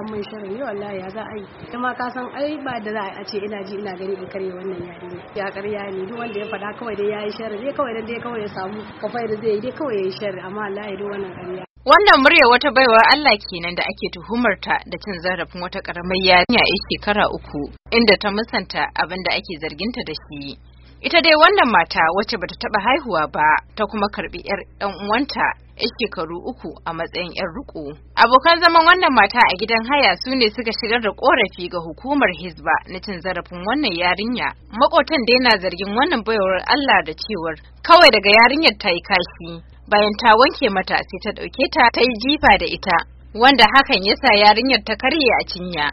an mai shirin ne wallahi ya za a yi kuma ka san ai ba da za a ce ina ji ina gani in karye wannan ne ya karya ne duk wanda ya faɗa kawai dai yayi shirin dai kawai dai kawai ya samu kafai da zai yi dai kawai yayi shirin amma wallahi duk wannan karya Wannan murya wata baiwar Allah kenan da ake tuhumarta da cin zarafin wata karamar yarinya a shekara uku, inda ta musanta abin da ake zarginta da shi. ita dai wannan mata wacce bata taba haihuwa ba ta kuma karbi yar dan uwanta yar shekaru uku a matsayin yar riko abokan zaman wannan mata a gidan haya su ne suka shigar da korafi ga hukumar hizba na cin zarafin wannan yarinya makotan dai na zargin wannan bayawar allah da cewar kawai daga yarinyar ta yi kashi bayan ta wanke mata sai ta dauke ta ta yi jifa da ita wanda hakan ya sa yarinyar ta karye a cinya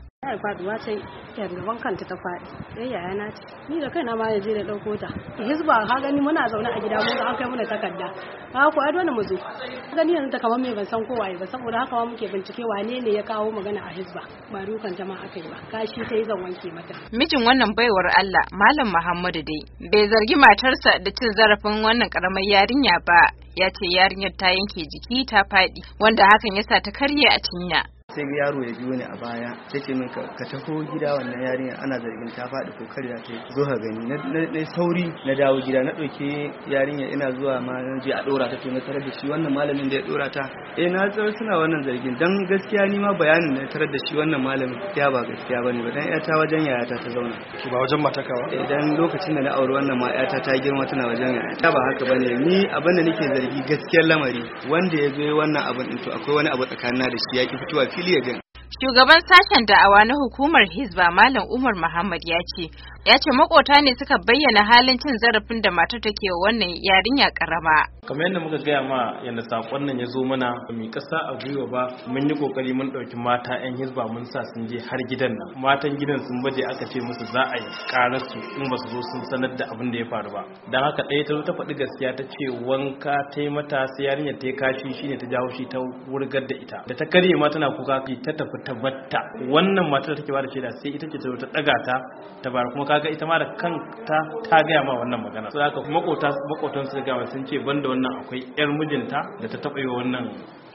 ta gaban kanta ta faɗi sai eh, yaya na ce ni da kaina ma ya je da ɗauko ta hisba ka gani muna zaune a gida mun ga an kai mana takarda ka ko ai dole mu zo gani yanzu ta kamar me ban san kowa ba saboda haka muke bincike wane ne ya kawo magana a hisba ba dukan jama'a kai ba kashi ta yi zan wanke mata mijin wannan baiwar Allah malam Muhammadu dai bai zargi matarsa da cin zarafin wannan karamar yarinya ba ya ce yarinyar ta yanke jiki ta faɗi wanda hakan ya sa ta karye a cinya sai yaro ya biyo ni a baya ta ce min ka taho gida wannan yarinya ana zargin ta faɗi ko karya ta zo ka gani na sauri na dawo gida na ɗauke yarinya ina zuwa ma je a ɗora ta to na tarar da shi wannan malamin da ya ɗora ta eh na tsar suna wannan zargin dan gaskiya ni ma bayanin na tarar da shi wannan malamin ya ba gaskiya bane ba dan ta wajen yayata ta zauna ki ba wajen mataka ba eh, dan lokacin da na auri wannan ma yata ta girma tana wajen yayata ba haka bane ni abin da nake zargi galibi gaskiyar lamari wanda ya zo wannan abin to akwai wani abu tsakanin da shi yaki fitowa fili ya gani Shugaban sashen da'awa na hukumar Hizba Malam Umar Muhammad ya ce, ya ce makota ne suka bayyana halin cin zarafin da matar take wa wannan yarinya karama. Kamar yadda muka gaya ma yadda sakon nan ya zo mana mai kasa a gwiwa ba mun yi kokari mun ɗauki mata 'yan Hizba mun sa sun je har gidan nan. Matan gidan sun baje aka ce musu za a yi karar su in ba su zo sun sanar da abin da ya faru ba. Dan haka ɗaya ta zo ta faɗi gaskiya ta ce wanka ta yi mata sai yarinyar ta yi kashi shine ta jawo shi ta wurgar da ita. Da ta karye ma tana kuka ta tafi ta wannan matar take ba da shaida sai ita ce ta daga ta ta bar kuma kaga ita ma da kanta ta gaya ma wannan magana so haka makota makotan su ga sun ce banda wannan akwai yar mijinta da ta taba yi wannan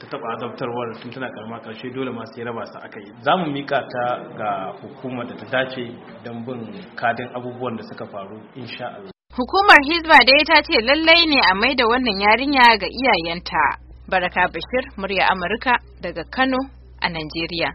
ta taba azabtarwar tun tana karama karshe dole ma sai raba su akai zamu mika ta ga hukumar da ta dace dan bin kadin abubuwan da suka faru insha Allah Hukumar Hizba dai ta ce lallai ne a mai da wannan yarinya ga iyayenta. Baraka Bashir, murya Amurka daga Kano a Najeriya.